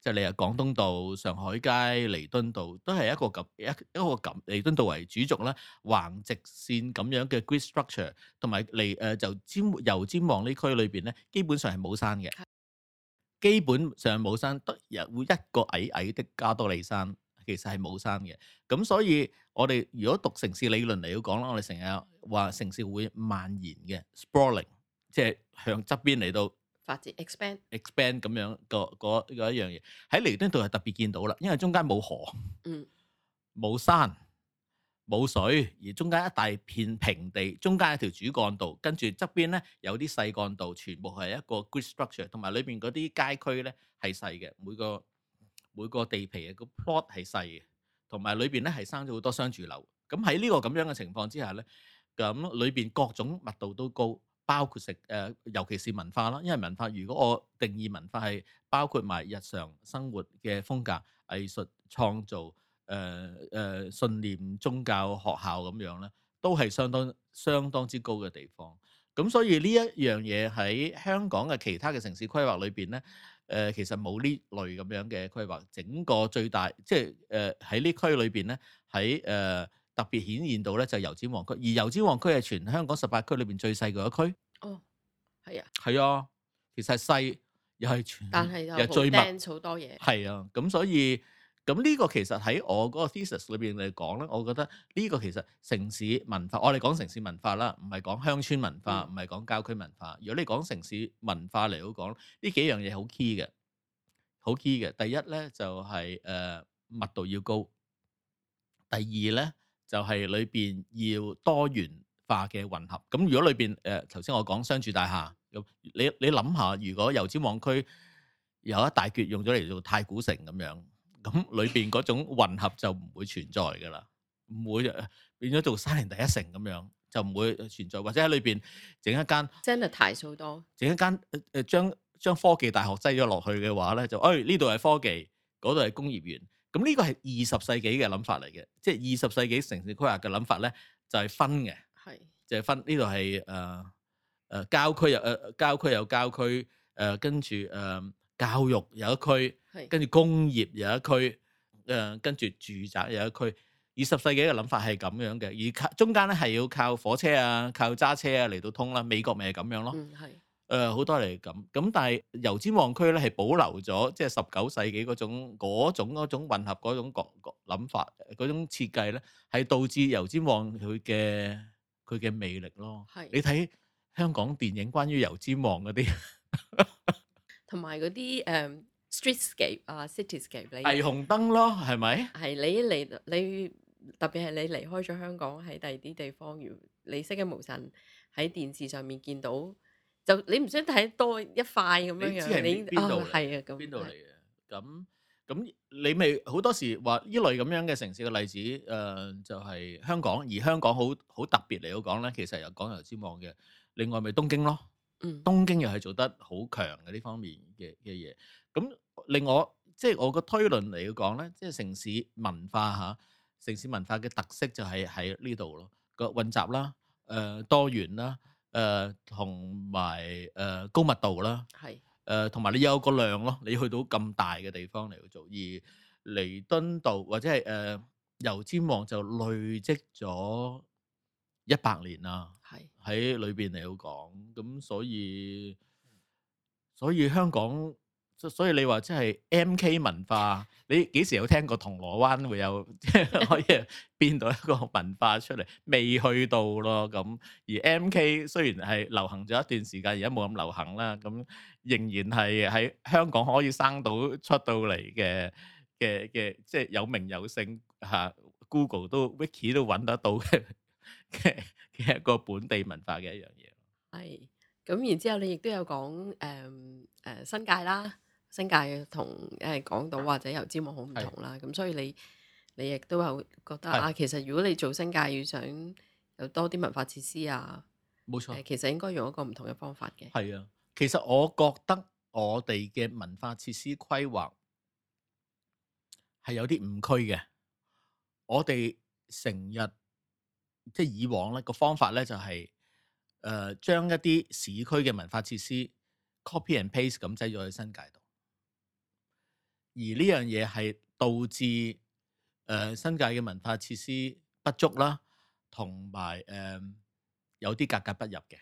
即係你又廣東道、上海街、彌敦道都係一個咁一一個咁彌敦道為主軸咧，橫直線咁樣嘅 grid structure，同埋彌誒就尖油尖旺呢區裏邊咧，基本上係冇山嘅，基本上冇山，得入會一個矮矮的加多利山，其實係冇山嘅，咁所以。我哋如果讀城市理論嚟要講啦，我哋成日話城市會蔓延嘅 sprawling，即係向側邊嚟到發展 expand expand 咁樣個個嗰一樣嘢。喺彌敦道係特別見到啦，因為中間冇河，嗯，冇山，冇水，而中間一大片平地，中間有條主幹道，跟住側邊咧有啲細幹道，全部係一個 grid structure，同埋裏邊嗰啲街區咧係細嘅，每個每個地皮嘅 plot 係細嘅。同埋裏邊咧係生咗好多商住樓，咁喺呢個咁樣嘅情況之下咧，咁裏邊各種密度都高，包括食誒，尤其是文化啦。因為文化，如果我定義文化係包括埋日常生活嘅風格、藝術創造、誒誒、信念、宗教、學校咁樣咧，都係相當相當之高嘅地方。咁所以呢一樣嘢喺香港嘅其他嘅城市規劃裏邊咧。誒、呃、其實冇呢類咁樣嘅規劃，整個最大即係誒喺呢區裏邊咧，喺誒、呃、特別顯現到咧就係油尖旺區，而油尖旺區係全香港十八區裏邊最細嘅一區。哦，係啊，係啊，其實係細又係全，但係又最密好多嘢，係啊，咁所以。咁呢個其實喺我嗰個 thesis 裏邊嚟講咧，我覺得呢個其實城市文化，我哋講城市文化啦，唔係講鄉村文化，唔係講郊區文化。如果你講城市文化嚟講，呢幾樣嘢好 key 嘅，好 key 嘅。第一咧就係誒密度要高，第二咧就係裏邊要多元化嘅混合。咁如果裏邊誒頭先我講商住大廈，咁你你諗下，如果油尖旺區有一大橛用咗嚟做太古城咁樣。咁裏邊嗰種混合就唔會存在㗎啦，唔會變咗做三年第一城咁樣，就唔會存在，或者喺裏邊整一間真係太多，整 一間誒、呃、將將科技大學擠咗落去嘅話咧，就誒呢度係科技，嗰度係工業園，咁呢個係二十世紀嘅諗法嚟嘅，即係二十世紀城市規劃嘅諗法咧就係、是、分嘅，係是就係分呢度係誒誒郊區有誒、呃、郊區有郊區誒跟住誒。呃教育有一區，跟住工業有一區，誒跟住住宅有一區。二十世紀嘅諗法係咁樣嘅，而中間咧係要靠火車啊、靠揸車啊嚟到通啦。美國咪係咁樣咯，誒好多人係咁。咁但係油尖旺區咧係保留咗即係十九世紀嗰種嗰種嗰種混合嗰種嗰種諗法嗰種設計咧，係導致油尖旺佢嘅佢嘅魅力咯。你睇香港電影關於油尖旺嗰啲。同埋嗰啲誒、um, streetscape 啊、uh，cityscape 你霓虹燈咯，係咪？係你嚟你，你特別係你離開咗香港喺第二啲地方，如你識嘅無神喺電視上面見到，就你唔想睇多一塊咁樣樣，你啊係啊，喺邊度嚟嘅？咁咁你咪好多時話依類咁樣嘅城市嘅例子，誒、呃、就係、是、香港，而香港好好特別嚟到講咧，其實有油尖旺嘅，另外咪東京咯。嗯、東京又係做得好強嘅呢方面嘅嘅嘢，咁另外即係我個推論嚟講咧，即係城市文化嚇、啊，城市文化嘅特色就係喺呢度咯，個混雜啦，誒、呃、多元啦，誒同埋誒高密度啦，係是，誒同埋你有個量咯，你去到咁大嘅地方嚟做，而彌敦道或者係誒油尖旺就累積咗一百年啦。喺裏邊嚟講，咁所以所以香港，所以你話即係 M K 文化，你幾時有聽過銅鑼灣會有即係 可以變到一個文化出嚟？未去到咯咁。而 M K 雖然係流行咗一段時間，而家冇咁流行啦，咁仍然係喺香港可以生到出到嚟嘅嘅嘅，即係、就是、有名有姓嚇、啊、Google 都 Wiki 都揾得到嘅。 嘅一個本地文化嘅一樣嘢，係咁然之後，你亦都有講誒誒新界啦，新界同誒港島或者油尖旺好唔同啦。咁所以你你亦都有覺得啊，其實如果你做新界，要想有多啲文化設施啊，冇錯，其實應該用一個唔同嘅方法嘅。係啊，其實我覺得我哋嘅文化設施規劃係有啲誤區嘅，我哋成日。即係以往咧個方法咧就係、是、誒、呃、將一啲市區嘅文化設施 copy and paste 咁擠咗去新界度，而呢樣嘢係導致誒、呃、新界嘅文化設施不足啦，同埋誒有啲、呃、格格不入嘅，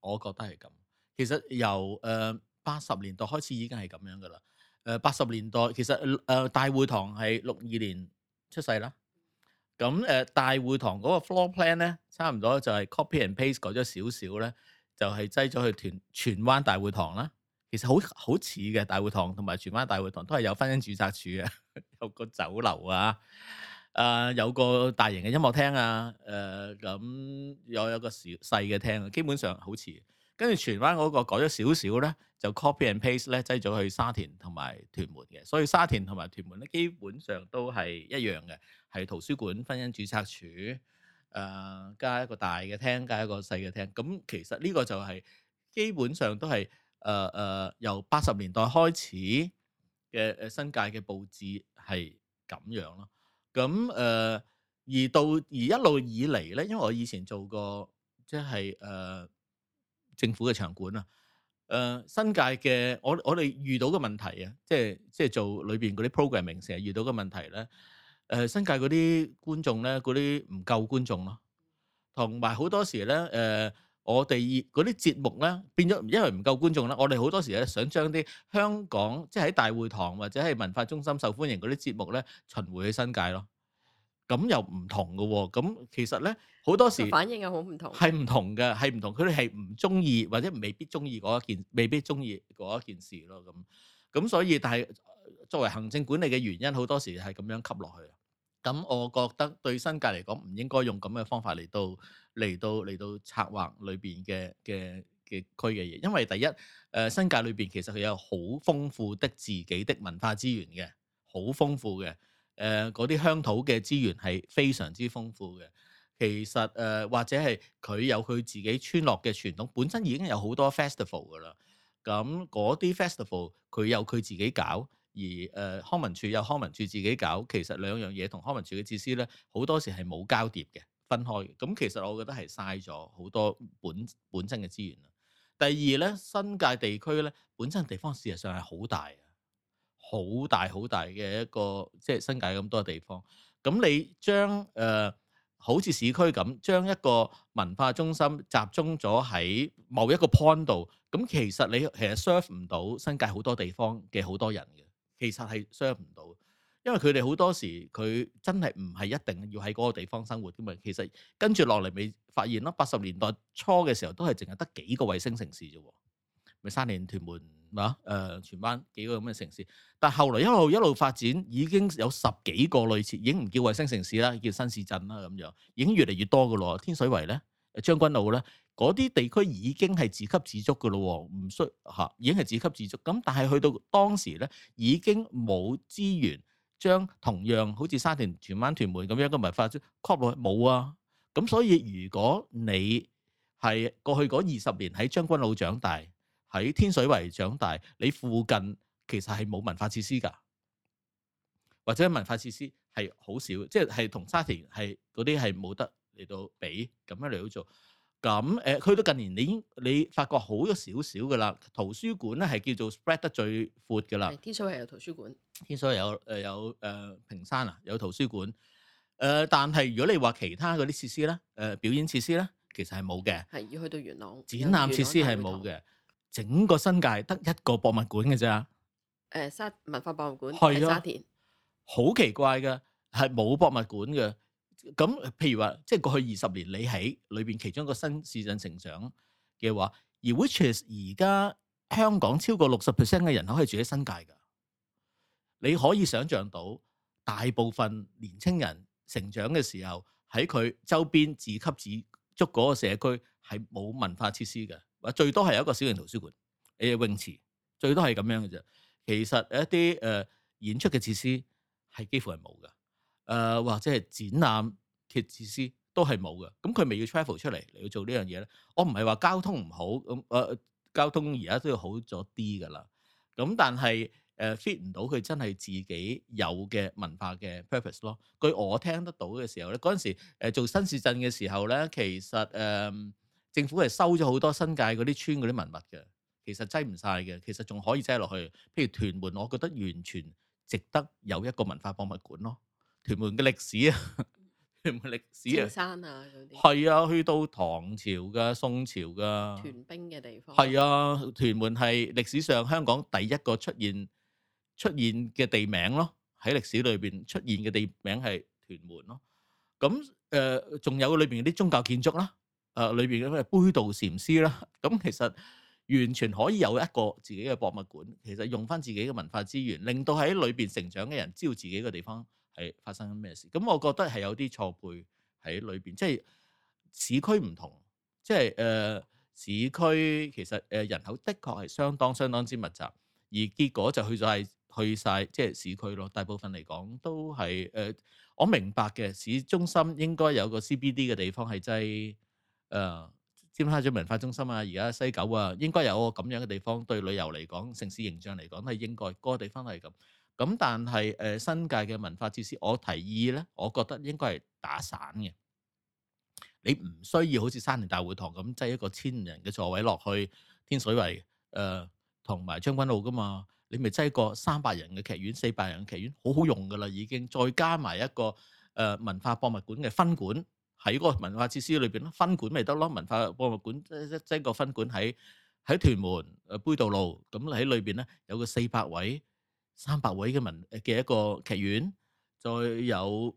我覺得係咁。其實由誒八十年代開始已經係咁樣噶啦。誒八十年代其實誒、呃、大會堂係六二年出世啦。咁誒、呃、大會堂嗰個 floor plan 咧，差唔多就係 copy and paste 改咗少少咧，就係擠咗去荃荃灣大會堂啦。其實好好似嘅，大會堂同埋荃灣大會堂都係有婚姻註冊處嘅， 有個酒樓啊，誒、呃、有個大型嘅音樂廳啊，誒、呃、咁有有個小細嘅廳，基本上好似。跟住荃灣嗰個改咗少少咧，就 copy and paste 咧擠咗去沙田同埋屯門嘅，所以沙田同埋屯門咧基本上都係一樣嘅。係圖書館、婚姻註冊處，誒、呃、加一個大嘅廳，加一個細嘅廳。咁、嗯、其實呢個就係、是、基本上都係誒誒由八十年代開始嘅誒新界嘅佈置係咁樣咯。咁、嗯、誒、呃、而到而一路以嚟咧，因為我以前做過即係誒、呃、政府嘅場館啊，誒、呃、新界嘅我我哋遇到嘅問題啊，即係即係做裏邊嗰啲 programming 成日遇到嘅問題咧。誒新界嗰啲觀眾咧，嗰啲唔夠觀眾咯，同埋好多時咧，誒我哋嗰啲節目咧變咗，因為唔夠觀眾啦，我哋好多時咧想將啲香港即係喺大會堂或者係文化中心受歡迎嗰啲節目咧巡迴去新界咯，咁又唔同嘅喎，咁其實咧好多時反應又好唔同，係唔同嘅，係唔同，佢哋係唔中意或者未必中意嗰一件，未必中意嗰一件事咯，咁咁所以但係作為行政管理嘅原因，好多時係咁樣吸落去。咁我覺得對新界嚟講，唔應該用咁嘅方法嚟到嚟到嚟到策劃裏邊嘅嘅嘅區嘅嘢，因為第一，誒、呃、新界裏邊其實佢有好豐富的自己的文化資源嘅，好豐富嘅，誒嗰啲鄉土嘅資源係非常之豐富嘅。其實誒、呃、或者係佢有佢自己村落嘅傳統，本身已經有好多 festival 噶啦。咁、嗯、嗰啲 festival 佢有佢自己搞。而誒、呃、康文署有康文署自己搞，其實兩樣嘢同康文署嘅設施咧，好多時係冇交疊嘅，分開嘅。咁其實我覺得係嘥咗好多本本身嘅資源啦。第二咧，新界地區咧本身地方事實上係好大，啊，好大好大嘅一個即係新界咁多地方。咁你將誒、呃、好似市區咁，將一個文化中心集中咗喺某一個 point 度，咁其實你其實 serve 唔到新界好多地方嘅好多人嘅。其實係傷唔到，因為佢哋好多時佢真係唔係一定要喺嗰個地方生活㗎嘛。其實跟住落嚟咪發現咯，八十年代初嘅時候都係淨係得幾個衛星城市啫喎，咪沙田、屯門咩啊？誒、呃，荃灣幾個咁嘅城市，但係後來一路一路發展，已經有十幾個類似，已經唔叫衛星城市啦，叫新市鎮啦咁樣，已經越嚟越多㗎咯。天水圍咧，將軍澳咧。嗰啲地區已經係自給自足嘅咯，唔需嚇，已經係自給自足。咁但係去到當時咧，已經冇資源將同樣好似沙田、荃灣、屯門咁樣嘅文化圈 cover 落去冇啊。咁所以如果你係過去嗰二十年喺將軍澳長大，喺天水圍長大，你附近其實係冇文化設施㗎，或者文化設施係好少，即係係同沙田係嗰啲係冇得嚟到比咁樣嚟到做。咁誒，去到近年，你已經你發覺好咗少少噶啦。圖書館咧係叫做 spread 得最闊噶啦。天水圍有圖書館，天水圍有誒有誒平山啊，有圖書館。誒，但係如果你話其他嗰啲設施咧，誒表演設施咧，其實係冇嘅。係要去到元朗，展覽設施係冇嘅。整個新界得一個博物館嘅啫。誒沙文化博物館係啊，沙田，好奇怪嘅，係冇博物館嘅。咁譬如話，即係過去二十年，你喺裏邊其中一個新市鎮成長嘅話，而 which is 而家香港超過六十 percent 嘅人口係住喺新界噶，你可以想像到大部分年輕人成長嘅時候，喺佢周邊自給自足嗰個社區係冇文化設施嘅，或最多係有一個小型圖書館，誒泳池，最多係咁樣嘅啫。其實一啲誒、呃、演出嘅設施係幾乎係冇噶。誒、呃、或者係展覽設施都係冇嘅，咁佢咪要 travel 出嚟嚟去做呢樣嘢咧？我唔係話交通唔好咁誒、嗯呃，交通而家都要好咗啲㗎啦。咁、嗯、但係誒、呃、fit 唔到佢真係自己有嘅文化嘅 purpose 咯。據我聽得到嘅時候咧，嗰陣時做新市鎮嘅時候咧、呃，其實誒、呃、政府係收咗好多新界嗰啲村嗰啲文物嘅，其實擠唔晒嘅，其實仲可以擠落去。譬如屯門，我覺得完全值得有一個文化博物館咯。屯門嘅歷史啊，屯門歷史啊，青山啊嗰啲係啊，去到唐朝嘅、宋朝嘅屯兵嘅地方係啊，屯門係歷史上香港第一個出現出現嘅地名咯。喺歷史裏邊出現嘅地名係屯門咯。咁誒，仲有裏邊啲宗教建築啦，誒裏邊嘅咩杯渡禪師啦，咁其實完全可以有一個自己嘅博物館。其實用翻自己嘅文化資源，令到喺裏邊成長嘅人知道自己嘅地方。係、哎、發生緊咩事？咁我覺得係有啲錯配喺裏邊，即係市區唔同，即係誒、呃、市區其實誒人口的確係相當相當之密集，而結果就去咗去曬即係市區咯。大部分嚟講都係誒、呃，我明白嘅市中心應該有個 CBD 嘅地方係即係尖沙咀文化中心啊，而家西九啊，應該有個咁樣嘅地方，對旅遊嚟講，城市形象嚟講係應該、個地方係咁。咁但係誒、呃、新界嘅文化設施，我提議咧，我覺得應該係打散嘅。你唔需要好似沙田大會堂咁擠一個千人嘅座位落去天水圍誒，同埋將軍澳噶嘛，你咪擠個三百人嘅劇院、四百人嘅劇院，好好用噶啦已經。再加埋一個誒文化博物館嘅分館喺個文化設施裏邊啦，分館咪得咯，文化博物館即即個分館喺喺屯門誒、呃、杯渡路，咁喺裏邊咧有個四百位。三百位嘅文嘅一個劇院，再有誒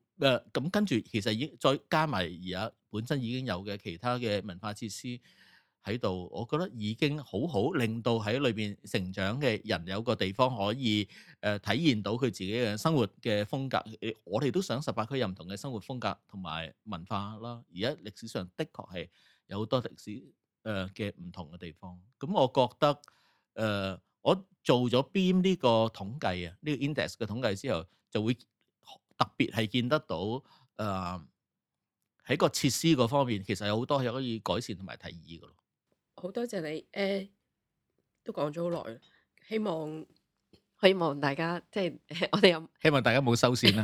咁、呃、跟住，其實已經再加埋而家本身已經有嘅其他嘅文化設施喺度，我覺得已經好好令到喺裏邊成長嘅人有個地方可以誒、呃、體驗到佢自己嘅生活嘅風格。我哋都想十八區有唔同嘅生活風格同埋文化啦。而家歷史上的確係有好多歷史誒嘅唔同嘅地方。咁、嗯、我覺得誒。呃我做咗 BEAMS 呢個統計啊，呢個 index 嘅統計之後，就會特別係見得到誒喺個設施嗰方面，其實有好多可以改善同埋提議嘅咯。好多謝你誒，都講咗好耐啦，希望希望大家即係我哋有希望大家冇收線啦。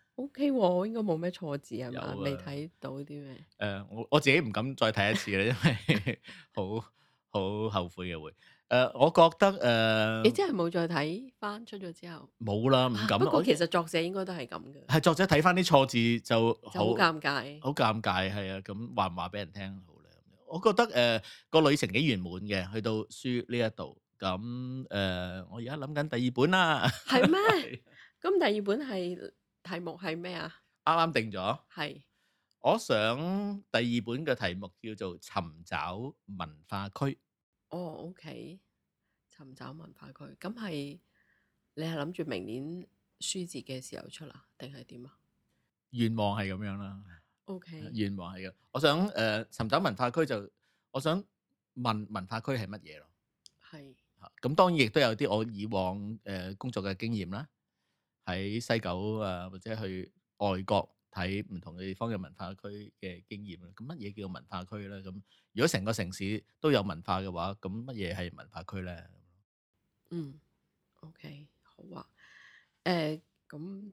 O K，我應該冇咩錯字係嘛？未睇到啲咩？誒，我我自己唔敢再睇一次啦，因為好好後悔嘅會。誒，我覺得誒，你真係冇再睇翻？出咗之後冇啦，唔敢。不過其實作者應該都係咁嘅，係作者睇翻啲錯字就好尷尬，好尷尬係啊。咁話唔話俾人聽好咧？我覺得誒個旅程幾圓滿嘅，去到書呢一度咁誒，我而家諗緊第二本啦。係咩？咁第二本係？題目係咩啊？啱啱定咗，係我想第二本嘅題目叫做尋找文化區。哦，OK，尋找文化區，咁係你係諗住明年書節嘅時候出啊？定係點啊？願望係咁樣啦。OK，願望係咁。我想誒，尋找文化區，就我想問文化區係乜嘢咯？係。咁當然亦都有啲我以往誒工作嘅經驗啦。喺西九啊，或者去外國睇唔同嘅地方嘅文化區嘅經驗啦。咁乜嘢叫做文化區咧？咁如果成個城市都有文化嘅話，咁乜嘢係文化區咧？嗯，OK，好啊。誒，咁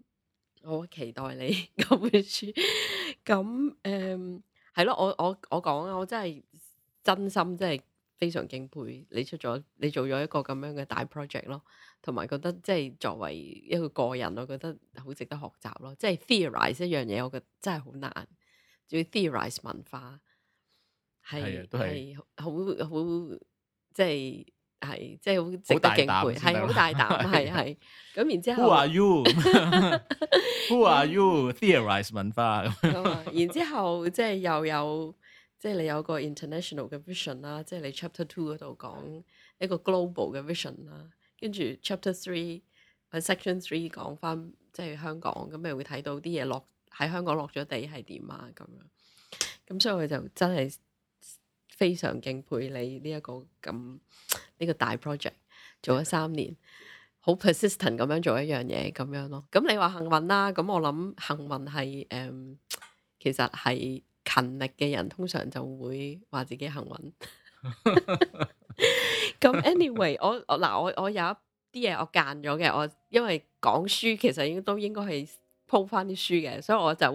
我期待你嗰本書。咁誒，係咯，我我我講啊，我真係真心，真係。非常敬佩你出咗你做咗一個咁樣嘅大 project 咯，哦，同埋覺得即係作為一個個人，我覺得好值得學習咯。即係 theorize 一樣嘢，我覺得真係好難，仲要 theorize 文化係係好好即係係即係好值得敬佩，係好大膽，係係咁。然之後，Who are you？Who are you？theorize 文化咁。然之後即係又有。 即係你有個 international 嘅 vision 啦，即係你 chapter two 嗰度講一個 global 嘅 vision 啦，跟住 chapter three，section three 講翻即係香港，咁你會睇到啲嘢落喺香港落咗地係點啊咁樣。咁所以我就真係非常敬佩你呢、這、一個咁呢、這個大 project，做咗三年，好 Yeah. persistent 咁樣做一樣嘢咁樣咯。咁你話幸運啦、啊，咁我諗幸運係誒、嗯，其實係。勤力嘅人通常就會話自己幸運。咁 ，anyway，我嗱我我,我有一啲嘢我間咗嘅，我因為講書其實應該都應該係鋪翻啲書嘅，所以我就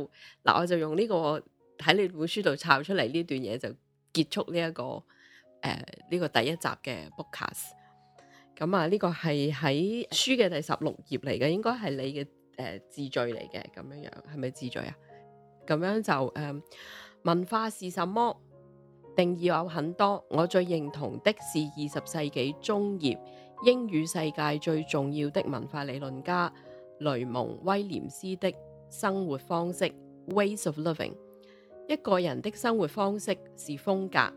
嗱我就用呢、這個喺你本書度抄出嚟呢段嘢就結束呢、這、一個誒呢、呃這個第一集嘅 bookcast、嗯、咁啊，呢、這個係喺書嘅第十六頁嚟嘅，應該係你嘅誒自序嚟嘅，咁、呃、樣樣係咪自序啊？咁樣就誒，um, 文化是什麼？定義有很多，我最認同的是二十世紀中葉英語世界最重要的文化理論家雷蒙威廉斯的生活方式 （Ways of Living）。一個人的生活方式是風格，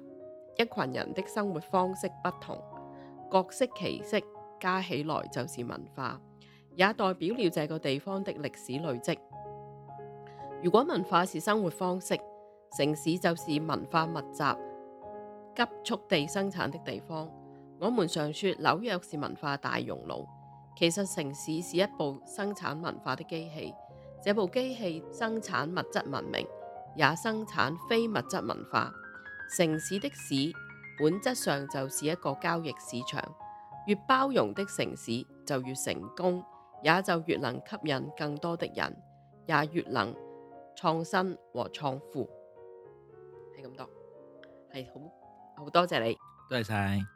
一群人的生活方式不同，各適其適，加起來就是文化，也代表了這個地方的歷史累積。如果文化是生活方式，城市就是文化密集、急速地生產的地方。我們常說紐約是文化大熔爐，其實城市是一部生產文化的機器。這部機器生產物質文明，也生產非物質文化。城市的市本質上就是一個交易市場。越包容的城市就越成功，也就越能吸引更多的人，也越能。創新和創富係咁多，係好好多謝你，多謝晒。